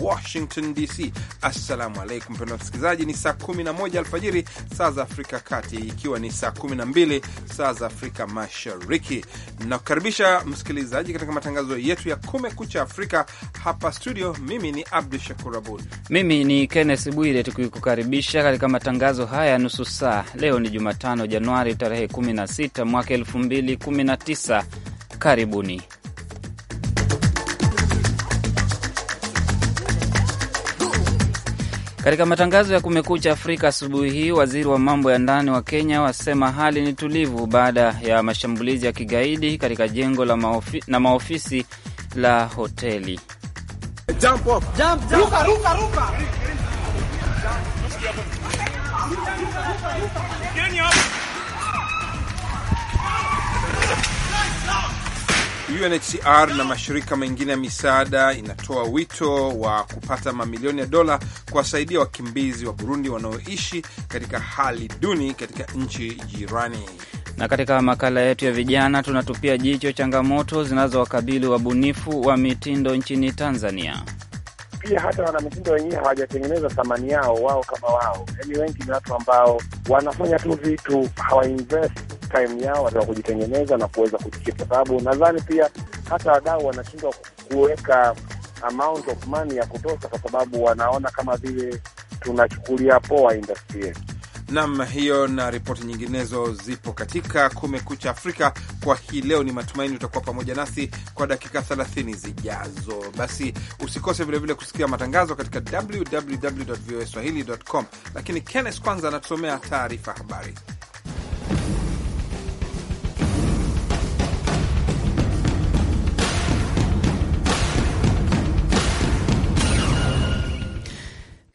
Washington DC. Assalamu alaikum pendo msikilizaji, ni saa 11 alfajiri saa za Afrika Kati, ikiwa ni saa 12 saa za Afrika Mashariki. Nakukaribisha msikilizaji katika matangazo yetu ya Kumekucha Afrika hapa studio. Mimi ni Abdu Shakur Abud, mimi ni Kenneth Bwire, tukikukaribisha katika matangazo haya ya nusu saa. Leo ni Jumatano, Januari tarehe 16 mwaka 2019. Karibuni. Katika matangazo ya Kumekucha Afrika asubuhi hii, waziri wa mambo ya ndani wa Kenya wasema hali ni tulivu baada ya mashambulizi ya kigaidi katika jengo la maofi, na maofisi la hoteli. Jump up. Jump, jump. Ruka, ruka, ruka. Jump. UNHCR na mashirika mengine ya misaada inatoa wito wa kupata mamilioni ya dola kuwasaidia wakimbizi wa Burundi wanaoishi katika hali duni katika nchi jirani. Na katika makala yetu ya vijana, tunatupia jicho changamoto zinazowakabili wabunifu wa mitindo nchini Tanzania pia hata wanamitindo wenyewe hawajatengeneza thamani yao wao kama wao. yani wengi ni watu ambao wanafanya tu vitu, hawainvest time yao wa kujitengeneza na kuweza kujikipa, kwa sababu nadhani pia hata wadau wanashindwa kuweka amount of money ya kutosha, kwa sababu wanaona kama vile tunachukulia poa industry yetu. Nam hiyo na ripoti nyinginezo zipo katika Kumekucha Afrika kwa hii leo. Ni matumaini utakuwa pamoja nasi kwa dakika 30 zijazo. Basi usikose vilevile kusikia matangazo katika www voa Lakini Kennes kwanza anatusomea taarifa habari.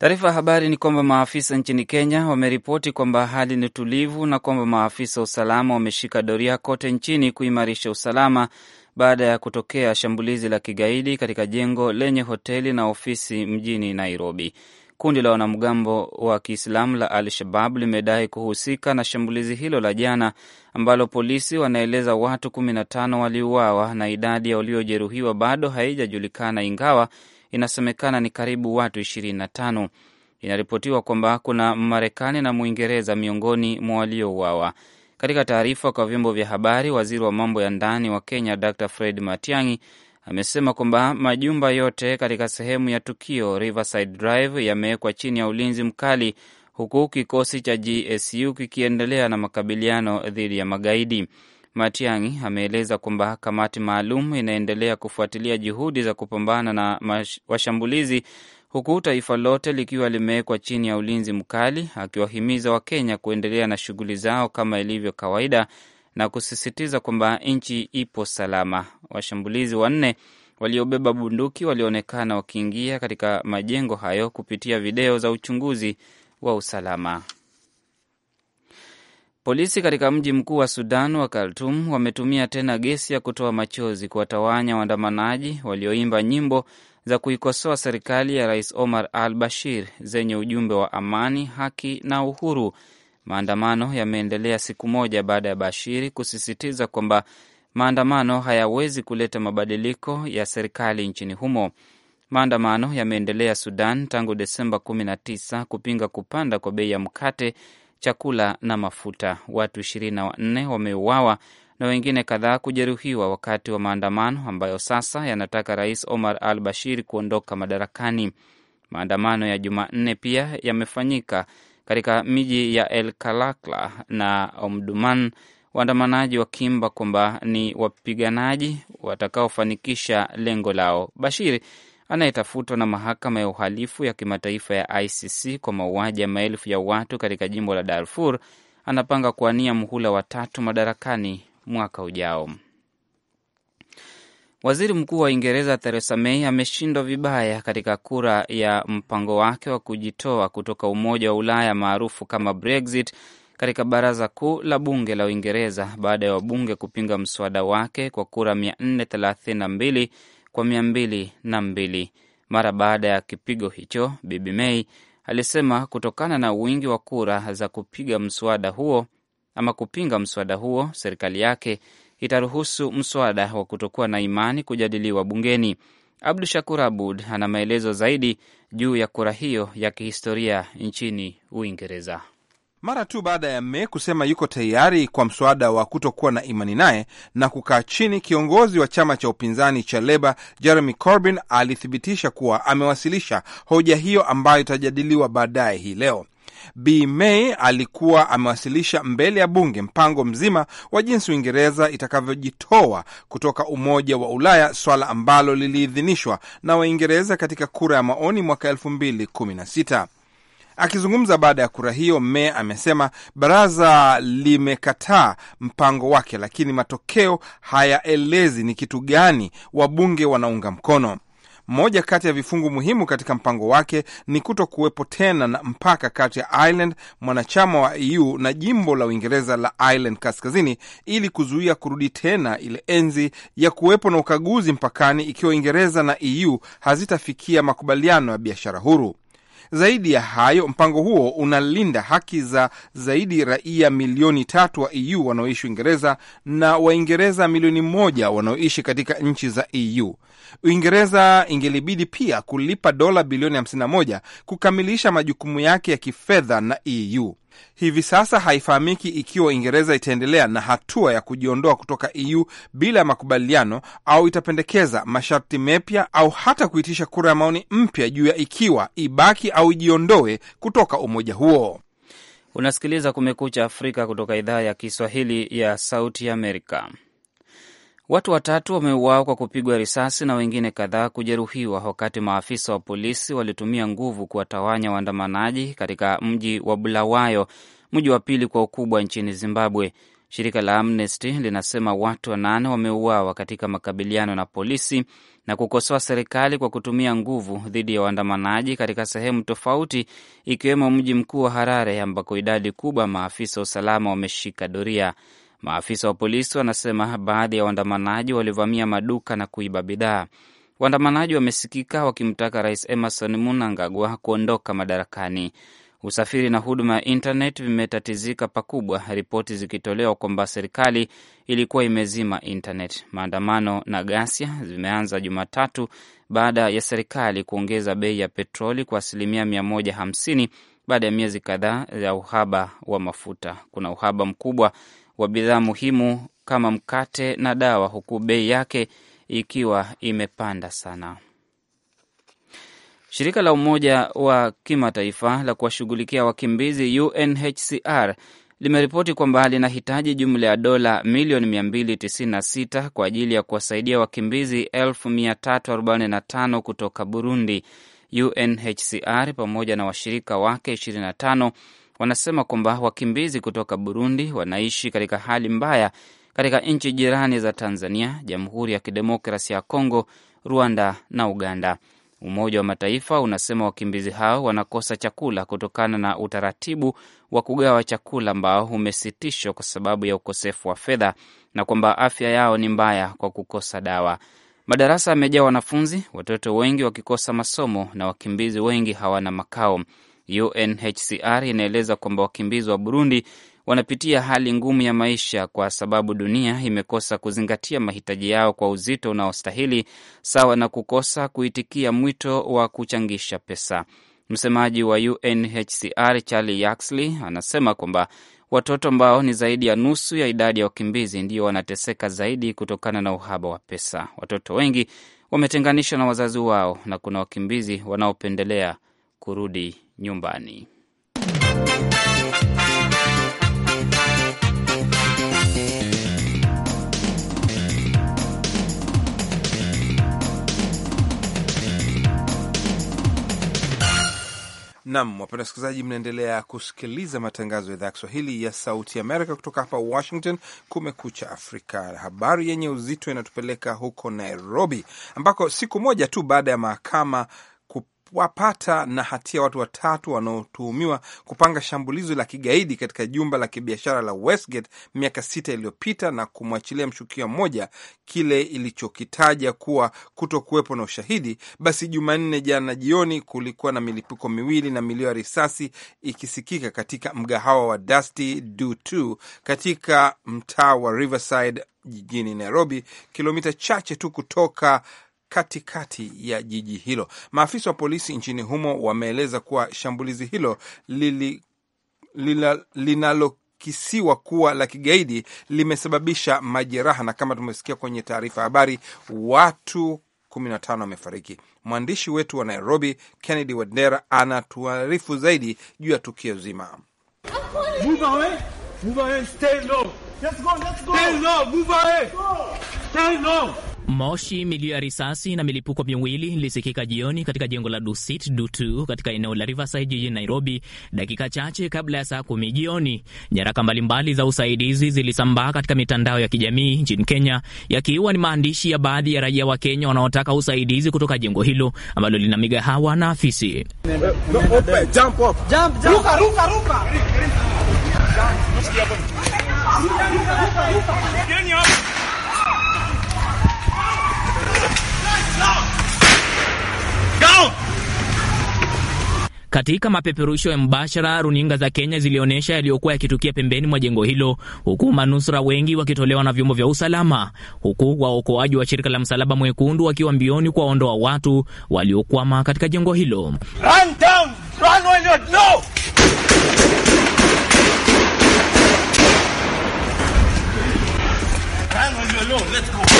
Taarifa ya habari ni kwamba maafisa nchini Kenya wameripoti kwamba hali ni tulivu na kwamba maafisa wa usalama wameshika doria kote nchini kuimarisha usalama baada ya kutokea shambulizi la kigaidi katika jengo lenye hoteli na ofisi mjini Nairobi. Kundi la wanamgambo wa Kiislamu la Al Shabab limedai kuhusika na shambulizi hilo la jana ambalo polisi wanaeleza watu 15 waliuawa na idadi ya waliojeruhiwa bado haijajulikana ingawa inasemekana ni karibu watu 25. Inaripotiwa kwamba kuna marekani na Mwingereza miongoni mwa waliouawa. Katika taarifa kwa vyombo vya habari, waziri wa mambo ya ndani wa Kenya Dr Fred Matiang'i amesema kwamba majumba yote katika sehemu ya tukio Riverside Drive yamewekwa chini ya ulinzi mkali, huku kikosi cha GSU kikiendelea na makabiliano dhidi ya magaidi. Matiang'i ameeleza kwamba kamati maalum inaendelea kufuatilia juhudi za kupambana na washambulizi huku taifa lote likiwa limewekwa chini ya ulinzi mkali, akiwahimiza Wakenya kuendelea na shughuli zao kama ilivyo kawaida na kusisitiza kwamba nchi ipo salama. Washambulizi wanne waliobeba bunduki walionekana wakiingia katika majengo hayo kupitia video za uchunguzi wa usalama. Polisi katika mji mkuu wa Sudan wa Khartoum wametumia tena gesi ya kutoa machozi kuwatawanya waandamanaji walioimba nyimbo za kuikosoa serikali ya Rais Omar al Bashir zenye ujumbe wa amani, haki na uhuru. Maandamano yameendelea siku moja baada ya Bashir kusisitiza kwamba maandamano hayawezi kuleta mabadiliko ya serikali nchini humo. Maandamano yameendelea Sudan tangu Desemba 19 kupinga kupanda kwa bei ya mkate chakula na mafuta. Watu ishirini na wanne wameuawa na wengine kadhaa kujeruhiwa wakati wa maandamano ambayo sasa yanataka Rais Omar al Bashir kuondoka madarakani. Maandamano ya Jumanne pia yamefanyika katika miji ya El Kalakla na Omduman, waandamanaji wakiimba kwamba ni wapiganaji watakaofanikisha lengo lao. Bashir anayetafutwa na mahakama ya uhalifu ya kimataifa ya ICC kwa mauaji ya maelfu ya watu katika jimbo la Darfur anapanga kuania mhula wa tatu madarakani mwaka ujao. Waziri Mkuu wa Uingereza Theresa May ameshindwa vibaya katika kura ya mpango wake wa kujitoa kutoka Umoja wa Ulaya maarufu kama Brexit katika baraza kuu la bunge la Uingereza baada ya wabunge kupinga mswada wake kwa kura 432 kwa mia mbili na mbili. Mara baada ya kipigo hicho, Bibi May alisema kutokana na wingi wa kura za kupiga mswada huo ama kupinga mswada huo, serikali yake itaruhusu mswada wa kutokuwa na imani kujadiliwa bungeni. Abdu Shakur Abud ana maelezo zaidi juu ya kura hiyo ya kihistoria nchini Uingereza mara tu baada ya May kusema yuko tayari kwa mswada wa kutokuwa na imani naye na kukaa chini, kiongozi wa chama cha upinzani cha Leba Jeremy Corbyn alithibitisha kuwa amewasilisha hoja hiyo ambayo itajadiliwa baadaye hii leo. b May alikuwa amewasilisha mbele ya bunge mpango mzima wa jinsi Uingereza itakavyojitoa kutoka Umoja wa Ulaya, swala ambalo liliidhinishwa na Waingereza katika kura ya maoni mwaka 2016. Akizungumza baada ya kura hiyo, me amesema baraza limekataa mpango wake, lakini matokeo hayaelezi ni kitu gani wabunge wanaunga mkono. Moja kati ya vifungu muhimu katika mpango wake ni kuto kuwepo tena na mpaka kati ya Ireland, mwanachama wa EU, na jimbo la Uingereza la Ireland Kaskazini, ili kuzuia kurudi tena ile enzi ya kuwepo na ukaguzi mpakani ikiwa Uingereza na EU hazitafikia makubaliano ya biashara huru. Zaidi ya hayo, mpango huo unalinda haki za zaidi raia milioni tatu wa EU wanaoishi Uingereza na Waingereza milioni moja wanaoishi katika nchi za EU. Uingereza ingelibidi pia kulipa dola bilioni 51 kukamilisha majukumu yake ya kifedha na EU. Hivi sasa haifahamiki ikiwa Uingereza itaendelea na hatua ya kujiondoa kutoka EU bila ya makubaliano au itapendekeza masharti mepya au hata kuitisha kura ya maoni mpya juu ya ikiwa ibaki au ijiondoe kutoka umoja huo. Unasikiliza Kumekucha Afrika kutoka idhaa ya Kiswahili ya Sauti Amerika. Watu watatu wameuawa kwa kupigwa risasi na wengine kadhaa kujeruhiwa wakati maafisa wa polisi walitumia nguvu kuwatawanya waandamanaji katika mji wa Bulawayo, mji wa pili kwa ukubwa nchini Zimbabwe. Shirika la Amnesty linasema watu wanane wameuawa katika makabiliano na polisi na kukosoa serikali kwa kutumia nguvu dhidi ya waandamanaji katika sehemu tofauti, ikiwemo mji mkuu wa Harare ambako idadi kubwa maafisa wa usalama wameshika doria. Maafisa wa polisi wanasema baadhi ya waandamanaji walivamia maduka na kuiba bidhaa. Waandamanaji wamesikika wakimtaka Rais Emerson Mnangagwa kuondoka madarakani. Usafiri na huduma ya intanet vimetatizika pakubwa, ripoti zikitolewa kwamba serikali ilikuwa imezima intanet. Maandamano na ghasia zimeanza Jumatatu baada ya serikali kuongeza bei ya petroli kwa asilimia 150 baada ya miezi kadhaa ya uhaba wa mafuta. Kuna uhaba mkubwa wa bidhaa muhimu kama mkate na dawa, huku bei yake ikiwa imepanda sana. Shirika la Umoja wa Kimataifa la kuwashughulikia wakimbizi UNHCR limeripoti kwamba linahitaji jumla ya dola milioni 296 kwa ajili ya kuwasaidia wakimbizi 345 kutoka Burundi. UNHCR pamoja na washirika wake wanasema kwamba wakimbizi kutoka Burundi wanaishi katika hali mbaya katika nchi jirani za Tanzania, Jamhuri ya Kidemokrasia ya Kongo, Rwanda na Uganda. Umoja wa Mataifa unasema wakimbizi hao wanakosa chakula kutokana na utaratibu wa kugawa chakula ambao umesitishwa kwa sababu ya ukosefu wa fedha na kwamba afya yao ni mbaya kwa kukosa dawa. Madarasa yamejaa wanafunzi, watoto wengi wakikosa masomo na wakimbizi wengi hawana makao. UNHCR inaeleza kwamba wakimbizi wa Burundi wanapitia hali ngumu ya maisha kwa sababu dunia imekosa kuzingatia mahitaji yao kwa uzito unaostahili, sawa na kukosa kuitikia mwito wa kuchangisha pesa. Msemaji wa UNHCR Charlie Yaxley anasema kwamba watoto ambao ni zaidi ya nusu ya idadi ya wakimbizi ndio wanateseka zaidi kutokana na uhaba wa pesa. Watoto wengi wametenganishwa na wazazi wao na kuna wakimbizi wanaopendelea kurudi nyumbani. Nam, wapenda wasikilizaji, mnaendelea kusikiliza matangazo ya idhaa ya Kiswahili ya Sauti Amerika kutoka hapa Washington. Kumekucha Afrika. Habari yenye uzito inatupeleka huko Nairobi, ambako siku moja tu baada ya mahakama wapata na hatia watu watatu wanaotuhumiwa kupanga shambulizi la kigaidi katika jumba la kibiashara la Westgate miaka sita iliyopita na kumwachilia mshukiwa mmoja, kile ilichokitaja kuwa kuto kuwepo na ushahidi. Basi Jumanne jana jioni kulikuwa na milipuko miwili na milio ya risasi ikisikika katika mgahawa wa Dusty Do katika mtaa wa Riverside jijini Nairobi, kilomita chache tu kutoka katikati ya jiji hilo. Maafisa wa polisi nchini humo wameeleza kuwa shambulizi hilo linalokisiwa linalo kisiwa kuwa la kigaidi limesababisha majeraha, na kama tumesikia kwenye taarifa ya habari, watu 15 wamefariki. Mwandishi wetu wa Nairobi, Kennedy Wendera, anatuarifu zaidi juu ya tukio zima. Move away. Move away. Let's go, let's go. move Moshi, milio ya risasi na milipuko miwili ilisikika jioni katika jengo la Dusit Dutu katika eneo la Riverside jijini Nairobi, dakika chache kabla ya saa kumi jioni. Nyaraka mbalimbali za usaidizi zilisambaa katika mitandao ya kijamii nchini Kenya, yakiwa ni maandishi ya baadhi ya raia wa Kenya wanaotaka usaidizi kutoka jengo hilo ambalo lina migahawa na afisi. Katika mapeperusho ya mbashara, runinga za Kenya zilionyesha yaliyokuwa yakitukia pembeni mwa jengo hilo, huku manusura wengi wakitolewa na vyombo vya usalama, huku waokoaji wa shirika la Msalaba Mwekundu wakiwa mbioni kuwaondoa watu waliokwama katika jengo hilo. Run down, run let's go.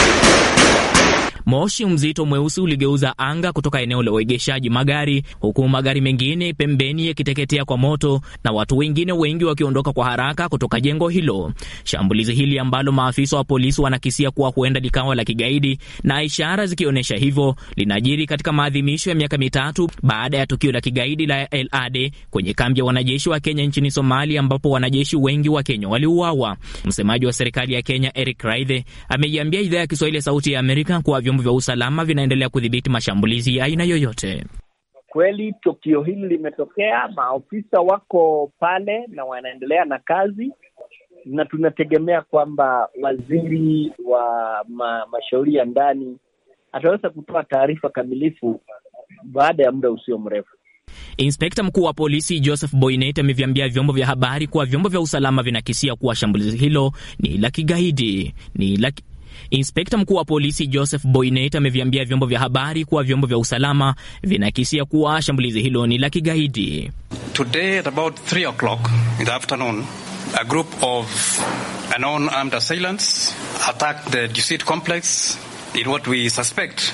Moshi mzito mweusi uligeuza anga kutoka eneo la uegeshaji magari, huku magari mengine pembeni yakiteketea kwa moto na watu wengine wengi wakiondoka kwa haraka kutoka jengo hilo. Shambulizi hili ambalo maafisa wa polisi wanakisia kuwa huenda likawa la kigaidi na ishara zikionyesha hivyo, linajiri katika maadhimisho ya miaka mitatu baada ya tukio la kigaidi la lad kwenye kambi ya wanajeshi wa Kenya nchini Somalia, ambapo wanajeshi wengi wa Kenya waliuawa. Msemaji wa serikali ya Kenya Eric Raithe ameiambia idhaa ya Kiswahili ya Sauti ya Amerika kuwa vyombo vyombo vya usalama vinaendelea kudhibiti mashambulizi ya aina yoyote. Kweli tukio hili limetokea, maofisa wako pale na wanaendelea na kazi, na tunategemea kwamba waziri wa ma, mashauri ya ndani ataweza kutoa taarifa kamilifu baada ya muda usio mrefu. Inspekta mkuu wa polisi Joseph Boynet ameviambia vyombo vya habari kuwa vyombo vya usalama vinakisia kuwa shambulizi hilo ni la kigaidi ni la Inspekta mkuu wa polisi Joseph Boynet ameviambia vyombo vya habari kuwa vyombo vya usalama vinakisia kuwa shambulizi hilo ni la kigaidi. Today at about 3 o'clock in the afternoon, a group of unknown armed assailants attacked the Dusit complex in what we suspect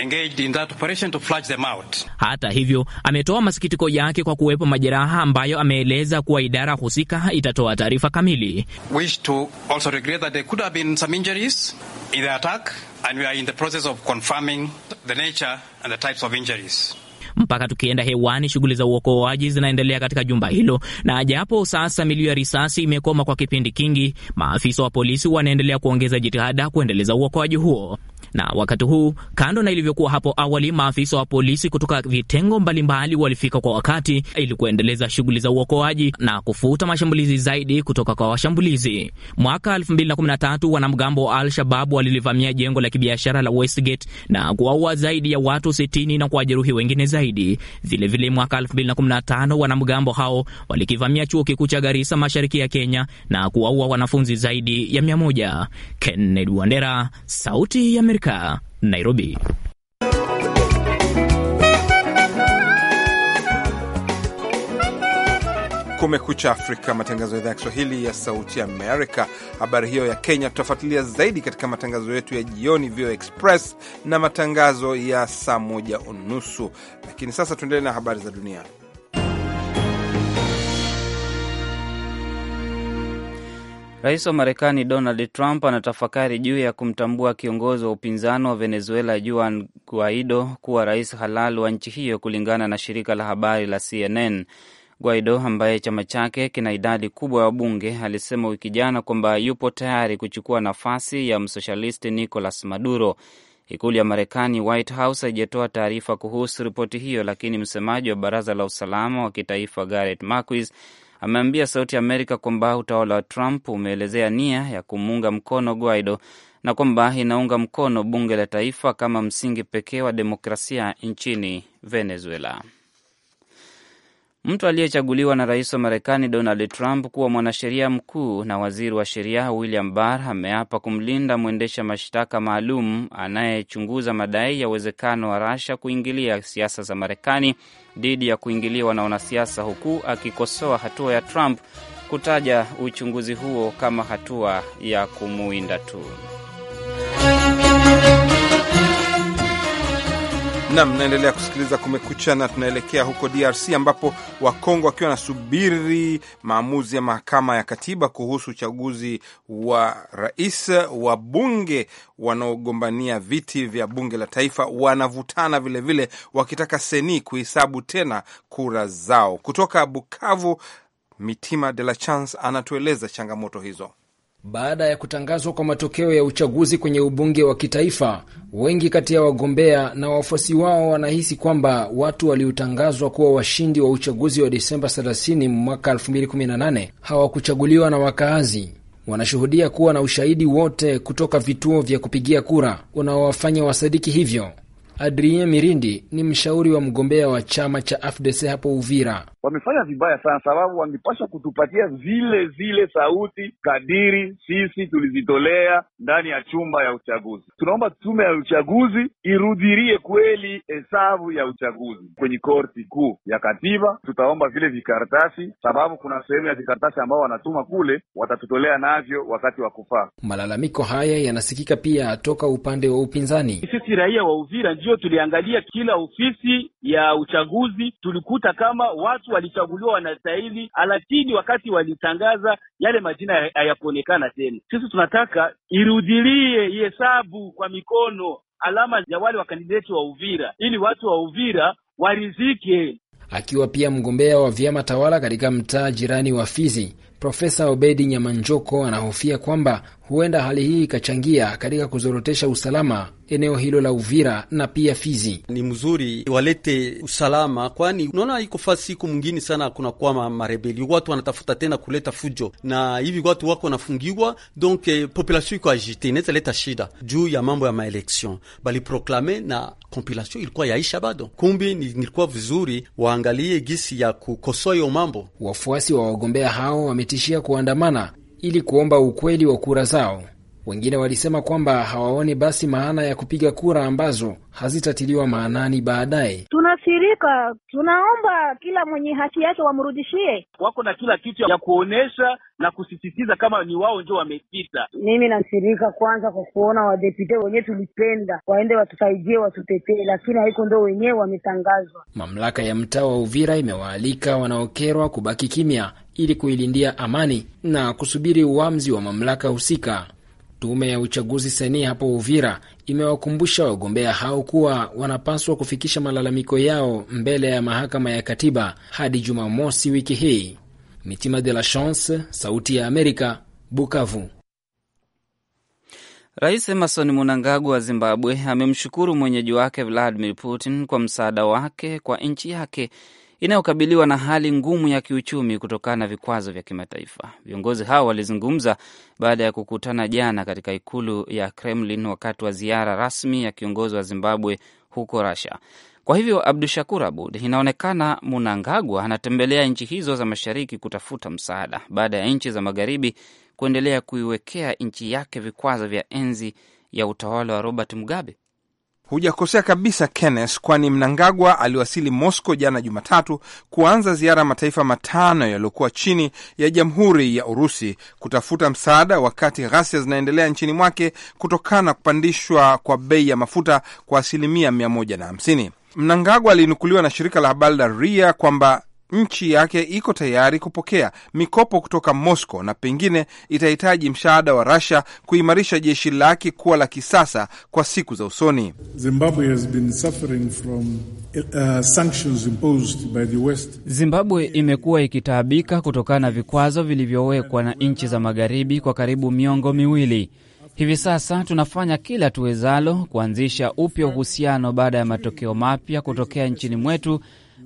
engaged in that operation to flush them out. Hata hivyo, ametoa masikitiko yake kwa kuwepo majeraha ambayo ameeleza kuwa idara husika itatoa taarifa kamili. Wish to also regret that there could have been some injuries in the attack and we are in the process of confirming the nature and the types of injuries. Mpaka tukienda hewani, shughuli za uokoaji zinaendelea katika jumba hilo, na japo sasa milio ya risasi imekoma kwa kipindi kingi, maafisa wa polisi wanaendelea kuongeza jitihada kuendeleza uokoaji huo. Na wakati huu, kando na ilivyokuwa hapo awali, maafisa wa polisi kutoka vitengo mbalimbali walifika kwa wakati ili kuendeleza shughuli za uokoaji na kufuta mashambulizi zaidi kutoka kwa washambulizi. Mwaka 2013 wanamgambo wa Al-Shabab walilivamia jengo la kibiashara la Westgate na kuwaua zaidi ya watu 60 na kuwajeruhi wengine zaidi. Vilevile vile mwaka 2015 wanamgambo hao walikivamia chuo kikuu cha Garissa mashariki ya Kenya na kuwaua wanafunzi zaidi ya 100. Kennedy Wandera, Sauti ya Amerika. Amerika, Nairobi. Kumekucha Afrika, matangazo ya idhaa ya Kiswahili ya Sauti ya Amerika. Habari hiyo ya Kenya tutafuatilia zaidi katika matangazo yetu ya jioni, VOA Express na matangazo ya saa moja unusu, lakini sasa tuendelee na habari za dunia. Rais wa Marekani Donald Trump anatafakari juu ya kumtambua kiongozi wa upinzani wa Venezuela Juan Guaido kuwa rais halali wa nchi hiyo, kulingana na shirika la habari la CNN. Guaido ambaye chama chake kina idadi kubwa ya wabunge alisema wiki jana kwamba yupo tayari kuchukua nafasi ya msoshalisti Nicolas Maduro. Ikulu ya Marekani, White House, haijatoa taarifa kuhusu ripoti hiyo, lakini msemaji wa baraza la usalama wa kitaifa Gareth Marquis ameambia Sauti Amerika kwamba utawala wa Trump umeelezea nia ya kumuunga mkono Guaido na kwamba inaunga mkono bunge la taifa kama msingi pekee wa demokrasia nchini Venezuela. Mtu aliyechaguliwa na rais wa Marekani Donald Trump kuwa mwanasheria mkuu na waziri wa sheria William Barr ameapa kumlinda mwendesha mashtaka maalum anayechunguza madai ya uwezekano wa Rasha kuingilia siasa za Marekani dhidi ya kuingiliwa na wanasiasa, huku akikosoa hatua ya Trump kutaja uchunguzi huo kama hatua ya kumuinda tu. na mnaendelea kusikiliza Kumekucha na tunaelekea huko DRC ambapo Wakongo wakiwa wanasubiri maamuzi ya mahakama ya katiba kuhusu uchaguzi wa rais, wa bunge wanaogombania viti vya bunge la taifa wanavutana vilevile vile, wakitaka seni kuhesabu tena kura zao. Kutoka Bukavu, Mitima de la Chance anatueleza changamoto hizo. Baada ya kutangazwa kwa matokeo ya uchaguzi kwenye ubunge wa kitaifa, wengi kati ya wagombea na wafuasi wao wanahisi kwamba watu waliotangazwa kuwa washindi wa uchaguzi wa Desemba 30 mwaka 2018 hawakuchaguliwa na wakaazi. Wanashuhudia kuwa na ushahidi wote kutoka vituo vya kupigia kura unaowafanya wasadiki hivyo. Adrien Mirindi ni mshauri wa mgombea wa chama cha AFDC hapo Uvira. Wamefanya vibaya sana, sababu wangepasha kutupatia zile zile sauti kadiri sisi tulizitolea ndani ya chumba ya uchaguzi. Tunaomba tume ya uchaguzi irudhirie kweli hesabu ya uchaguzi kwenye korti kuu ya katiba. Tutaomba vile vikaratasi, sababu kuna sehemu ya vikaratasi ambao wanatuma kule, watatutolea navyo wakati wa kufaa. Malalamiko haya yanasikika pia toka upande wa upinzani. Sisi raia wa Uvira ndio hiyo tuliangalia kila ofisi ya uchaguzi, tulikuta kama watu walichaguliwa wanastahili, lakini wakati walitangaza yale majina hayakuonekana tena. Sisi tunataka irudilie hesabu kwa mikono alama ya wale wakandideti wa Uvira ili watu wa Uvira warizike. Akiwa pia mgombea wa vyama tawala katika mtaa jirani wa Fizi, Profesa Obedi Nyamanjoko anahofia kwamba Huenda hali hii ikachangia katika kuzorotesha usalama eneo hilo la Uvira na pia Fizi. Ni mzuri walete usalama, kwani unaona iko fasi siku mwingine sana kuna kwa marebeli, watu wanatafuta tena kuleta fujo na hivi watu wako wanafungiwa, donc population iko agite, inaweza leta shida juu ya mambo ya maelection baliproklame na compilation ilikuwa yaisha bado. Kumbi nilikuwa vizuri waangalie gisi ya kukosoa hiyo mambo. Wafuasi wa wagombea hao wametishia kuandamana ili kuomba ukweli wa kura zao. Wengine walisema kwamba hawaoni basi maana ya kupiga kura ambazo hazitatiliwa maanani baadaye. Tunasirika, tunaomba kila mwenye haki yake wamrudishie. Wako na kila kitu ya kuonyesha na kusisitiza kama ni wao ndio wamepita. Mimi nasirika kwanza kwa kuona wadepute wenyewe tulipenda waende watusaidie, watutetee, lakini haiko ndo wenyewe wametangazwa. Mamlaka ya mtaa wa Uvira imewaalika wanaokerwa kubaki kimya ili kuilindia amani na kusubiri uamuzi wa mamlaka husika. Tume ya uchaguzi seni hapo Uvira imewakumbusha wagombea hao kuwa wanapaswa kufikisha malalamiko yao mbele ya mahakama ya katiba hadi Jumamosi wiki hii. Mitima de la Chance, Sauti ya Amerika, Bukavu. Rais Emerson Mnangagwa wa Zimbabwe amemshukuru mwenyeji wake Vladimir Putin kwa msaada wake kwa nchi yake inayokabiliwa na hali ngumu ya kiuchumi kutokana na vikwazo vya kimataifa. Viongozi hao walizungumza baada ya kukutana jana katika ikulu ya Kremlin wakati wa ziara rasmi ya kiongozi wa Zimbabwe huko Russia. Kwa hivyo, Abdu Shakur Abud, inaonekana Mnangagwa anatembelea nchi hizo za mashariki kutafuta msaada baada ya nchi za magharibi kuendelea kuiwekea nchi yake vikwazo vya enzi ya utawala wa Robert Mugabe. Hujakosea kabisa Kenneth, kwani Mnangagwa aliwasili Moscow jana Jumatatu kuanza ziara ya mataifa matano yaliyokuwa chini ya jamhuri ya Urusi kutafuta msaada, wakati ghasia zinaendelea nchini mwake kutokana na kupandishwa kwa bei ya mafuta kwa asilimia 150. Mnangagwa alinukuliwa na shirika la habari la Ria kwamba nchi yake iko tayari kupokea mikopo kutoka Moscow na pengine itahitaji msaada wa Russia kuimarisha jeshi lake kuwa la kisasa kwa siku za usoni. Uh, Zimbabwe imekuwa ikitaabika kutokana na vikwazo vilivyowekwa na nchi za magharibi kwa karibu miongo miwili. Hivi sasa tunafanya kila tuwezalo kuanzisha upya uhusiano baada ya matokeo mapya kutokea nchini mwetu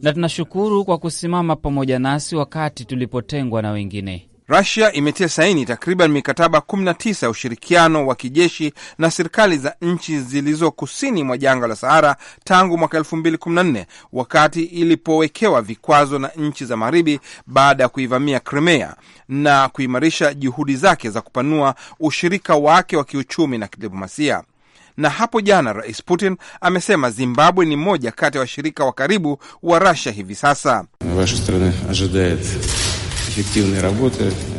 na tunashukuru kwa kusimama pamoja nasi wakati tulipotengwa na wengine. Rusia imetia saini takriban mikataba 19 ya ushirikiano wa kijeshi na serikali za nchi zilizo kusini mwa jangwa la Sahara tangu mwaka 2014 wakati ilipowekewa vikwazo na nchi za Magharibi baada ya kuivamia Crimea na kuimarisha juhudi zake za kupanua ushirika wake wa kiuchumi na kidiplomasia. Na hapo jana Rais Putin amesema Zimbabwe ni moja kati ya wa washirika wa karibu wa rasia hivi sasa.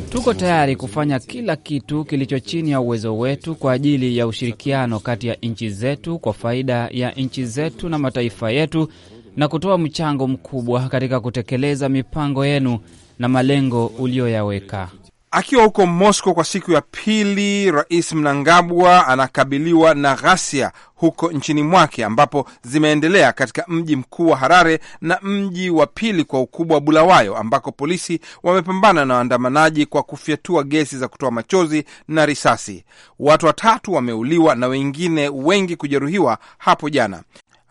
Tuko tayari kufanya kila kitu kilicho chini ya uwezo wetu kwa ajili ya ushirikiano kati ya nchi zetu kwa faida ya nchi zetu na mataifa yetu na kutoa mchango mkubwa katika kutekeleza mipango yenu na malengo uliyoyaweka. Akiwa huko Moscow kwa siku ya pili, Rais Mnangagwa anakabiliwa na ghasia huko nchini mwake ambapo zimeendelea katika mji mkuu wa Harare na mji wa pili kwa ukubwa wa Bulawayo, ambako polisi wamepambana na waandamanaji kwa kufyatua gesi za kutoa machozi na risasi. Watu watatu wameuliwa na wengine wengi kujeruhiwa hapo jana.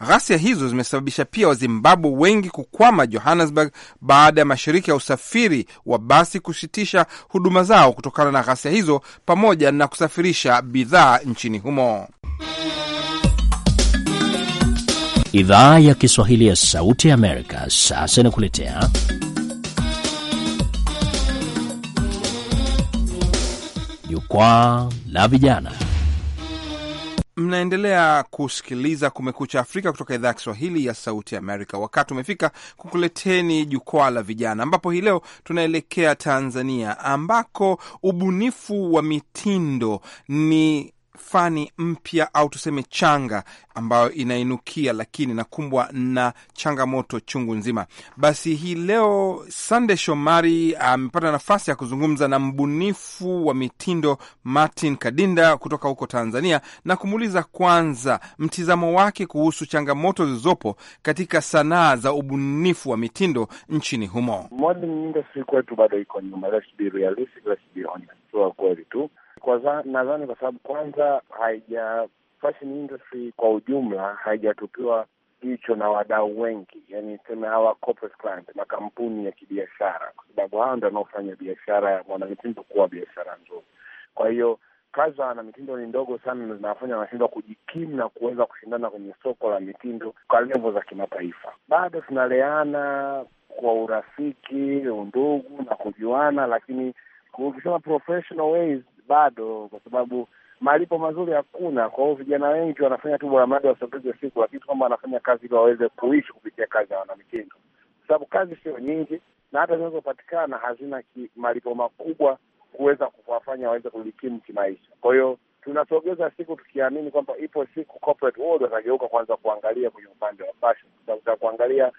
Ghasia hizo zimesababisha pia Wazimbabwe wengi kukwama Johannesburg baada ya mashirika ya usafiri wa basi kusitisha huduma zao kutokana na ghasia hizo pamoja na kusafirisha bidhaa nchini humo. Idhaa ya Kiswahili ya Sauti ya Amerika sasa inakuletea Jukwaa la Vijana. Mnaendelea kusikiliza Kumekucha Afrika kutoka idhaa ya Kiswahili ya Sauti ya Amerika. Wakati umefika kukuleteni Jukwaa la Vijana, ambapo hii leo tunaelekea Tanzania, ambako ubunifu wa mitindo ni fani mpya au tuseme changa ambayo inainukia, lakini inakumbwa na changamoto chungu nzima. Basi hii leo Sande Shomari amepata nafasi ya kuzungumza na mbunifu wa mitindo Martin Kadinda kutoka huko Tanzania na kumuuliza kwanza mtizamo wake kuhusu changamoto zilizopo katika sanaa za ubunifu wa mitindo nchini humo. industry kwetu bado iko nyuma, let's be realistic, let's be honest, kweli tu nadhani kwa sababu kwanza haija fashion industry kwa ujumla haijatupiwa jicho na wadau wengi, yani seme hawa corporate client, makampuni ya kibiashara, kwa sababu hawa ndio wanaofanya biashara ya mwanamitindo kuwa biashara nzuri. Kwa hiyo kazi za wanamitindo ni ndogo sana, na zinawafanya wanashindwa kujikimu na kuweza kushindana kwenye soko la mitindo kwa levo za kimataifa. Bado tunaleana kwa urafiki, undugu na kujuana, lakini ukisema professional ways bado, kwa sababu malipo mazuri hakuna. Kwa hiyo vijana wengi wanafanya tu bora mradi wasogeze siku, lakini kwamba wanafanya kazi ili waweze kuishi kupitia kazi ya wanamitindo, kwa sababu kazi sio nyingi na hata zinazopatikana hazina malipo makubwa kuweza kuwafanya waweze kujikimu kimaisha. Kwa hiyo tunasogeza siku tukiamini kwamba ipo siku corporate world watageuka kwanza kuangalia kwenye upande wa fashion, kwa sababu za kuangalia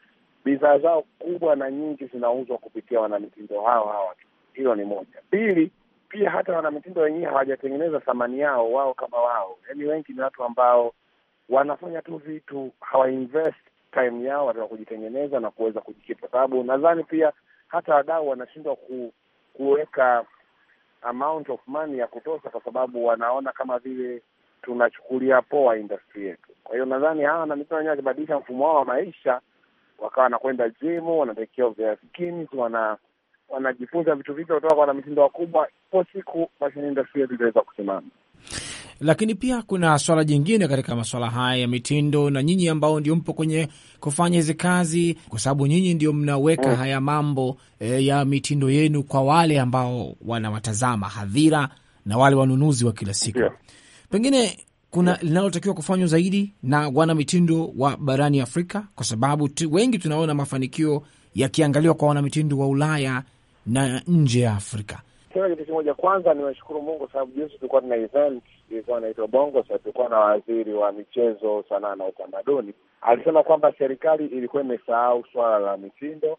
bidhaa zao kubwa na nyingi zinauzwa kupitia wanamitindo hao hawa Hilo ni moja. Pili, pia hata wanamitindo wenyewe hawajatengeneza thamani yao wao kama wao. Yaani wengi ni watu ambao wanafanya tu vitu, hawainvest time yao wataka kujitengeneza na kuweza kujikita, kwa sababu nadhani pia hata wadau wanashindwa ku, kuweka amount of money ya kutosha, kwa sababu wanaona kama vile tunachukulia poa industry yetu. Kwa hiyo nadhani hawa wanamitindo wenyewe wakibadilisha mfumo wao wa maisha, wakawa wanakwenda jimu, wanatekea vya skins, wana wanajifunza vitu vipya kutoka kwa wanamitindo wakubwa, po siku mashindano yetu itaweza kusimama. Lakini pia kuna swala jingine katika masuala haya ya mitindo, na nyinyi ambao ndio mpo kwenye kufanya hizi kazi, kwa sababu nyinyi ndio mnaweka mm, haya mambo e, ya mitindo yenu kwa wale ambao wanawatazama hadhira na wale wanunuzi wa kila siku yeah. Pengine kuna linalotakiwa kufanywa zaidi na wana mitindo wa barani Afrika, kwa sababu wengi tunaona mafanikio yakiangaliwa kwa wanamitindo wa Ulaya na nje ya Afrika? Sema kitu kimoja kwanza, niwashukuru Mungu sababu jinsi tulikuwa tuna event ilikuwa inaitwa Bongo Sa, tulikuwa na waziri wa michezo, sanaa na utamaduni alisema kwamba serikali ilikuwa imesahau swala la mitindo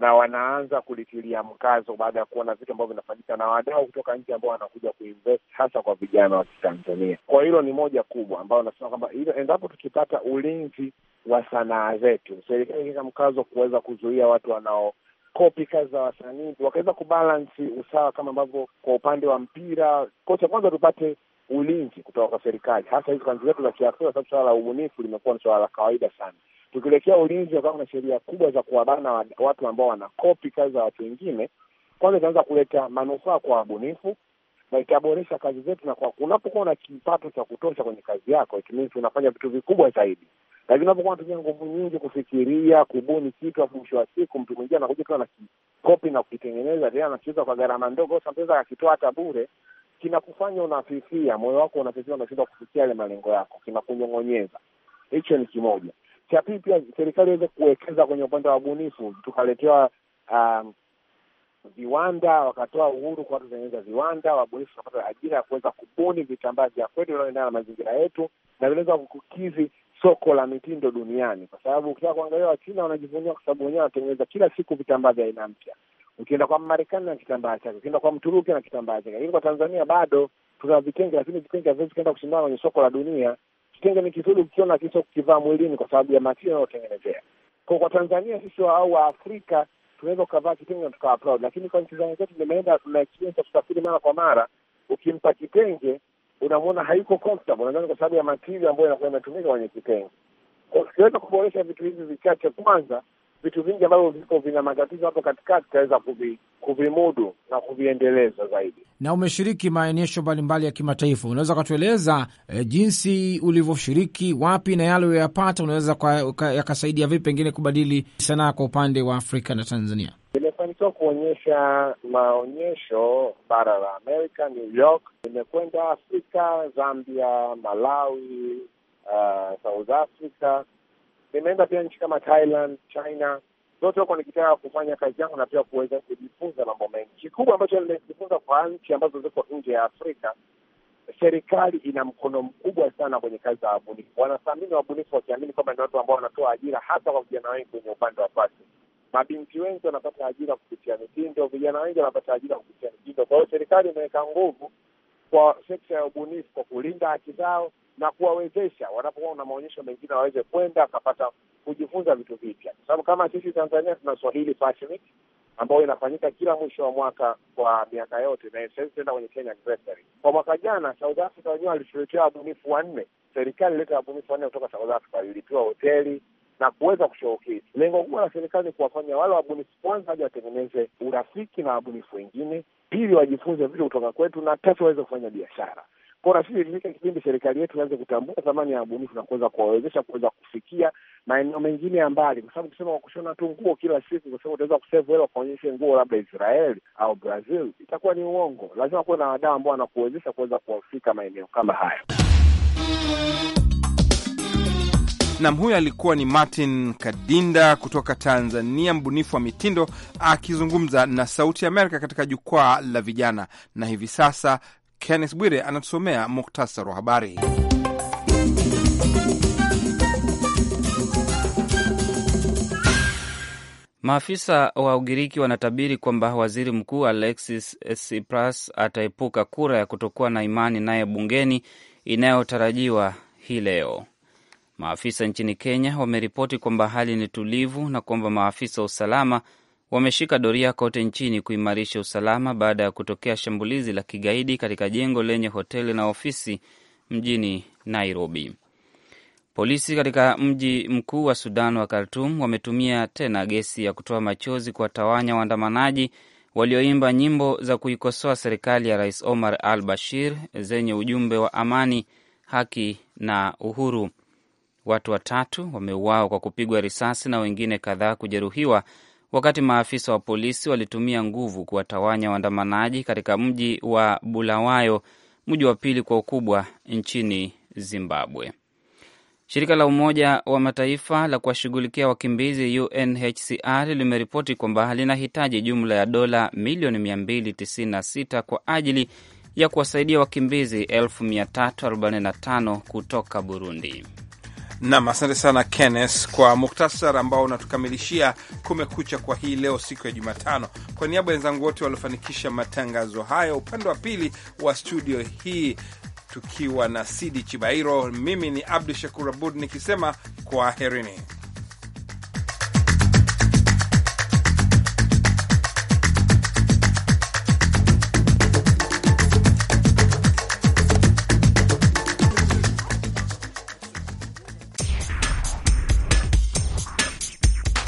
na wanaanza kulitilia mkazo baada ya kuona vitu ambavyo vinafanyika na wadau kutoka nje ambao wanakuja kuinvest hasa kwa vijana wa Kitanzania. Kwa hilo ni moja kubwa ambayo nasema kwamba hilo, endapo tukipata ulinzi wa sanaa zetu, serikali ikiweka mkazo kuweza kuzuia watu wanao kopi kazi za wasanii, wakaweza kubalansi usawa, kama ambavyo kwa upande wa mpira kocha kwanza tupate ulinzi kutoka kwa serikali, hasa hizi kanzi zetu za Kiafrika, sababu suala la ubunifu limekuwa ni suala la kawaida sana. Tukielekea ulinzi wakawa kuna sheria kubwa za kuwabana watu ambao wanakopi kazi za watu wengine, kwanza itaweza kuleta manufaa kwa wabunifu, na ikaboresha kazi zetu, na kwa unapokuwa na kipato cha kutosha kwenye kazi yako, it means unafanya vitu vikubwa zaidi. Lakini unapokuwa unatumia nguvu nyingi kufikiria, kubuni kitu, afu mwisho wa siku mtu mwingine anakuja tu anakikopi na kukitengeneza tena, anakiuza kwa gharama ndogo, sometimes akakitoa hata bure, kinakufanya unafifia, moyo wako unafifia, unashindwa kufikia yale malengo yako, kinakunyong'onyeza. Hicho ni kimoja. Cha pili, pia serikali iweze kuwekeza kwenye upande wa ubunifu, tukaletewa um, viwanda, wakatoa uhuru kwa watu kutengeneza viwanda, wabunifu wakapata ajira ya kuweza kubuni vitambaa vya kwetu vinaoendana na mazingira yetu na vinaweza kukukizi soko la mitindo duniani, kwa sababu ukitaka kuangalia Wachina wanajivunia kwa sababu wenyewe wanatengeneza kila siku vitambaa vya aina mpya. Ukienda kwa Marekani na kitambaa chake, ukienda kwa Mturuki na kitambaa chake, lakini kwa Tanzania bado tuna vitenge, lakini vitenge haviwezi kuenda kushindana kwenye soko la dunia. Kitenge ni kizuri ukiona, kiso kukivaa mwilini kwa sababu ya matio anayotengenezea. Kwa kwa Tanzania sisi au Waafrika tunaweza ukavaa kitenge na tukawa proud, lakini kwa nchi za wenzetu nimeenda, na experience ya kusafiri mara kwa mara, ukimpa kitenge unamwona hayuko comfortable, nadhani kwa sababu ya material ambayo inakuwa imetumika kwenye kitenge. Kwa tukiweza kuboresha vitu hivi vichache kwanza vitu vingi ambavyo viko vina matatizo hapo katikati tutaweza kuvimudu na kuviendeleza zaidi. Na umeshiriki maonyesho mbalimbali ya kimataifa, unaweza ukatueleza e, jinsi ulivyoshiriki wapi na yale uliyoyapata unaweza yakasaidia vipi pengine kubadili sanaa kwa upande wa Afrika na Tanzania? Nimefanikiwa kuonyesha maonyesho bara la Amerika, New York. Nimekwenda Afrika, Zambia, Malawi, uh, South Africa nimeenda pia nchi kama Thailand, China, zote huko nikitaka kufanya kazi yangu na pia kuweza kujifunza mambo mengi. Kikubwa ambacho nimejifunza kwa nchi ambazo ziko nje ya Afrika, serikali ina mkono mkubwa sana kwenye kazi za wabunifu. Wanathamini wabunifu wakiamini kwamba ni watu ambao wanatoa ajira, hasa kwa vijana wengi kwenye upande wa fashion. Mabinti wengi wanapata ajira kupitia mitindo, vijana wengi wanapata ajira kupitia mitindo. Kwa hiyo serikali imeweka nguvu kwa sekta ya ubunifu kwa kulinda haki zao na kuwawezesha wanapokuwa na maonyesho mengine waweze kwenda akapata kujifunza vitu vipya, kwa sababu kama sisi Tanzania tuna Swahili Fashion Week ambayo inafanyika kila mwisho wa mwaka kwa miaka yote, na saizi tenda kwenye Kenya anniversary. Kwa mwaka jana South Africa wenyewe walituletea wabunifu wanne, serikali ileta wabunifu wanne kutoka South Africa, ilipiwa hoteli na kuweza kushowcase. Lengo kubwa la serikali ni kuwafanya wale wabunifu kwanza waja watengeneze urafiki na wabunifu wengine, pili wajifunze vitu kutoka kwetu, na tatu waweze kufanya biashara. Kwao nafikiri ilifika kipindi serikali yetu ianze kutambua thamani ya wabunifu na kuweza kuwawezesha kuweza kufikia maeneo mengine ya mbali, kwa sababu kusema kushona tu nguo kila siku, kwa sababu utaweza kusevu hela kuonyeshe nguo labda Israel au Brazil itakuwa ni uongo. Lazima kuwe na wadau ambao wanakuwezesha kuweza kuwafika maeneo kama hayo. Nam, huyo alikuwa ni Martin Kadinda kutoka Tanzania, mbunifu wa mitindo akizungumza na Sauti ya Amerika katika jukwaa la vijana. Na hivi sasa Kennes Bwire anatusomea muktasari wa habari. Maafisa wa Ugiriki wanatabiri kwamba waziri mkuu Alexis Tsipras ataepuka kura ya kutokuwa na imani naye bungeni inayotarajiwa hii leo. Maafisa nchini Kenya wameripoti kwamba hali ni tulivu na kwamba maafisa wa usalama wameshika doria kote nchini kuimarisha usalama baada ya kutokea shambulizi la kigaidi katika jengo lenye hoteli na ofisi mjini Nairobi. Polisi katika mji mkuu wa Sudan wa Khartum wametumia tena gesi ya kutoa machozi kuwatawanya waandamanaji walioimba nyimbo za kuikosoa serikali ya Rais Omar al Bashir zenye ujumbe wa amani, haki na uhuru. Watu watatu wameuawa kwa kupigwa risasi na wengine kadhaa kujeruhiwa wakati maafisa wa polisi walitumia nguvu kuwatawanya waandamanaji katika mji wa Bulawayo, mji wa pili kwa ukubwa nchini Zimbabwe. Shirika la Umoja wa Mataifa la kuwashughulikia wakimbizi UNHCR limeripoti kwamba linahitaji jumla ya dola milioni 296 kwa ajili ya kuwasaidia wakimbizi 345 kutoka Burundi. Nam, asante sana kennes kwa muktasar ambao unatukamilishia Kumekucha kwa hii leo, siku ya Jumatano. Kwa niaba ya wenzangu wote waliofanikisha matangazo haya, upande wa pili wa studio hii tukiwa na Sidi Chibairo, mimi ni Abdu Shakur Abud nikisema kwaherini.